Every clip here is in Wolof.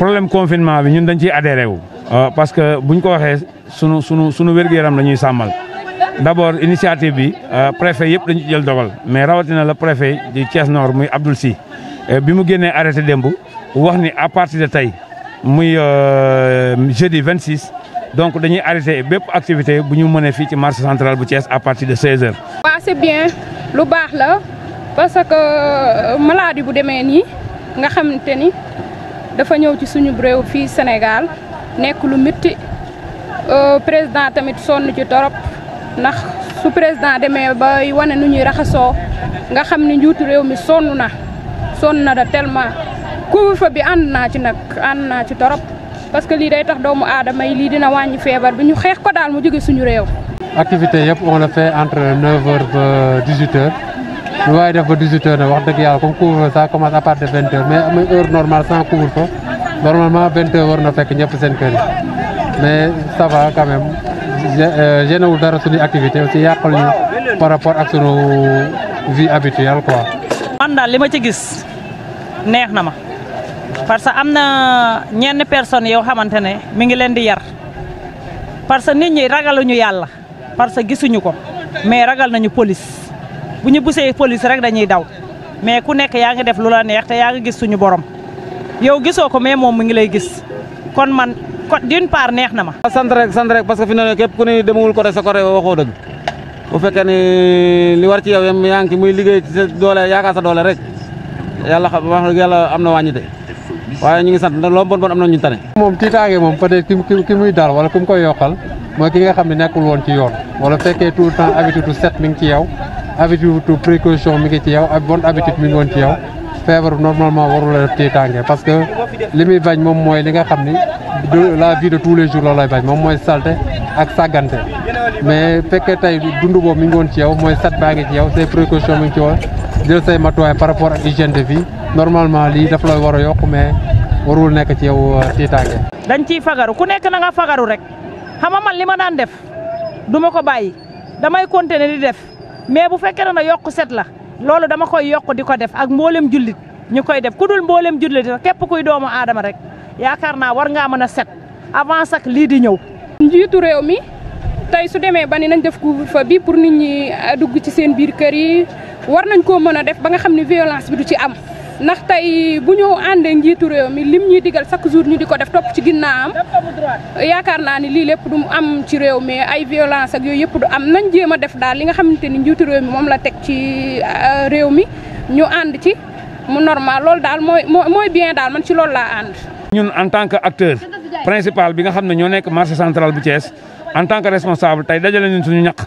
problème confinement bi ñun dañ ci adhéré wu. Euh, parce que buñ ko waxee sunu sunu sunu wér-gu-yaram la ñuy sàmmal d' abord initiative bi euh, préfet yëpp dañu jël dogal mais rawatina la préfet di cees Nord muy Abdoul Sy euh, bi mu génnee arrêté démb wax ni à partir de tey muy jeudi 26. donc dañuy arrêté bépp activité bu ñu mënee fii ci marché central bu cees à partir de 16 heures. waaw bien lu baax la parce que bu demee nii nga xamante ni dafa ñëw ci suñu réew fii Sénégal nekk lu métti euh, président tamit sonn ci torop ndax su président demee bay wane nu ñuy raxasoo nga xam ni njuutu réew mi sonn na sonn na da tellement couvre fa bi ànd naa ci nag ànd naa ci torop parce que lii day tax doomu aadama yi lii dina wàññi feebar bi ñu xeex ko daal mu jóge suñu réew. activité yëpp on le fait entre 9h ba 18h. lu waay def ba 18 heures nag wax deug yalla comme couvre ça commence à partir de 20 heures mais am heure normale sans couvre-feu normalement 20 heures war na fekk ñëpp seen kër mais ça va quand même gênewul dara suñu activité aussi yàqal ñu par rapport ak suñu vie habituelle quoi. man dal lima ci gis neex na ma parce que am na ñenn personnes yoo xamante mi ngi leen di yar parce que nit ñi ragalu ñu yalla parce que gisuñu ko mais ragal nañu police. bu ñu busee police rek dañuy daw mais ku nekk yaa ngi def lu la neex te yaa ngi gis suñu borom yow gisoo ko mais moom mu ngi lay gis kon man kon d'une part neex na ma. Ah, sant rek sant rek parce que fi mu ne képp ku ne demagul côté sa côté waxoo dëgg bu fekkee ni li war ci yow yam yaa ngi ci muy liggéey ci sa doole yaakaar sa doole rek yàlla xam wax dëgg yàlla am na wàññi de waaye ñu ngi sant loolu bon am na ñu tane. moom tiitaange moom peut ki ki muy daal wala woon ci yoon wala fekkee tout le temps ngi ci yow. habitude to précaution mi ngi ci yow ak bonne habitude mi ngi won ci yow fièvre normalement warul la té tangé parce que limi bañ mom moy li nga xamni la vie de tous les jours lay bañ mom moy salte ak saganté mais féké tay dund bo mi ngi won ci yow moy sat baa ngi ci yow c'est précaution mi ngi ci woon jël say matuwaay par rapport ak hygiène de vie normalement li daf lay wara yok mais warul nek ci yow euh, tangé dañ ci fagaru ku nek na nga fagaru rek xama man lima nan def duma ko bayyi damay continuer di def mais bu fekkee ne na yokku set la loolu dama koy yokk di ko def ak mboolem jullit ñu koy def ku dul mboolem jullit rek képp kuy doomu aadama rek yaakaar naa war ngaa mën a set avant sax lii di ñëw. njiitu réew mi tey su demee ba ni nañ def couvre fa bii pour nit ñi dugg ci seen biir kër yi war nañ koo mën a def ba nga xam ne violance bi du ci am. ndax tay bu ñu àndee njitu réew mi lim ñuy digal chaque jour ñu di def top ci ginnam yaakar na ni li lepp du am ci réew mi ay violence ak yoy yep du am nañ jema def dal li nga xamanteni njitu njiitu réew mi mom la tek ci euh, réew mi ñu and ci mu normal loolu dal moy moy bien dal man ci loolu la and ñun en tant que acteur principal bi nga xamne ño nek marché central bu Thiès en tant que responsable tay dajal ñun suñu ñak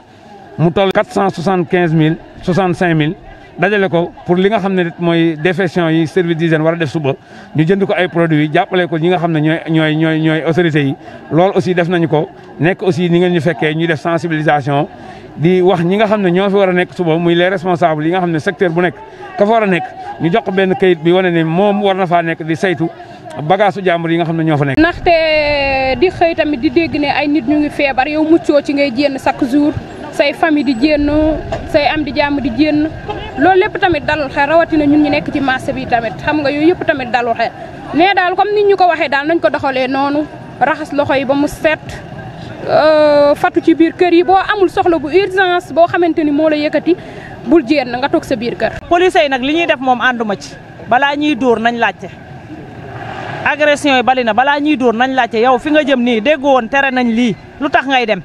mu toll 475000 65000 dajale ko pour li nga xam ne mooy défection yi service d'hygiène war a def suba ñu jënd ko ay produits jàppale ko ñi nga xam ne ñooy ñooy ñooy ñooy autorités yi loolu aussi def nañu ko nekk aussi ni ngeen ñu fekkee ñu def sensibilisation di wax ñi nga xam ne ñoo fi war a nekk suba muy lee responsables yi nga xam ne secteur bu nekk ka war a nekk ñu jox ko benn kayit bi wane ne moom war na faa nekk di saytu bagaasu jàmbur yi nga xam ne ñoo fa nekk. ndaxte eh, di xëy tamit di dégg ay nit ñu ngi feebar yow muccoo ci ngay jénn chaque jour say famille di jénn say am di jàmm di jénn lolou lepp tamit dalul xel na ñun ñi nekk ci marché bi tamit xam nga yooyu yëpp tamit dalul xel né dal comme nit ñu ko waxé dal nañ ko doxalé nonu raxas loxoy ba mu set euh, fatu ci biir kër yi bo amul soxla bu urgence bo xamanteni mo la yëkëti bul jéen na nga tok sa biir kër. police yi nak li ñuy def mom anduma ci bala ñuy door nañ laccé agression yi balina bala ñuy door nañ laccé yow fi nga jëm ni dégg won téré nañ li lutax ngay dem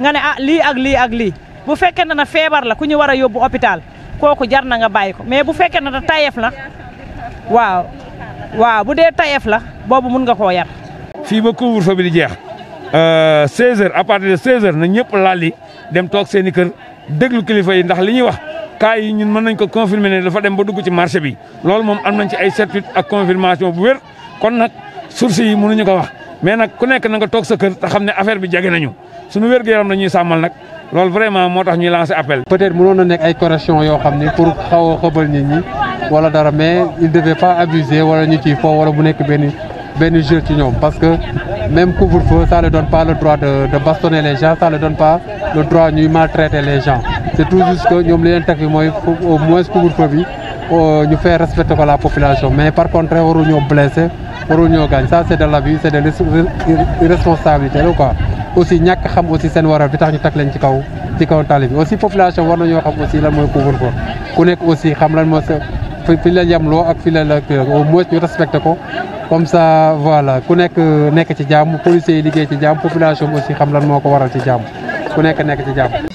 nga né ah li ak li ak li bu fekkee na la ku ñu wara yobbu hôpital koku jar na nga bayiko mais bu fekke na tayef la waaw waaw bu de tayef la bobu mun nga ko yar. fi ba couvre fa bi di jeex euh 16h a partir de 16h na ñepp lali dem tok seen keur deglu kilifa yi ndax li wax kay yi ñun mën nañ ko confirmer ne dafa dem ba dugg ci marché bi lool mom am nañ ci ay certitude ak confirmation bu wër kon nak source yi mënu ñu ko wax mais nak ku nekk na nga tok sa keur ta xam affaire bi jage nañu suñu wër gu yaram la samal nak lol vraiment motax tax ñuy lancer appel. peut-être mënon na nekk ay correction yo xam pour xaw a xëbal nit ñi wala dara mais il devait pas abuser wala ñu ci foofu wala bu nek ben ben jeu ci ñom parce que même couvre-feu ça ne donne pas le droit de de bastonner les gens ça ne donne pas le droit ñuy maltraiter les gens c'est tout juste que ñom li leen teg moy au moins couvre-feu bi euh, ñu faire respecter ko la population mais par contre ñu blesser ñu gagne ça c'est de la vie, c'est de l'irresponsabilité Là quoi. aussi ñàkk xam aussi seen waral bi ñu teg leen ci kaw ci kaw tali bi aussi population war nañoo xam aussi lan mooy couvre-feu ku nekk aussi xam lan moo sa fi la yemloo ak fi la la au moins ñu respecté ko comme ça voilà ku nekk nekk ci jàmm policiers yi liggéey ci jàmm population aussi xam lan moo ko waral ci jàmm ku nekk nekk ci jàmm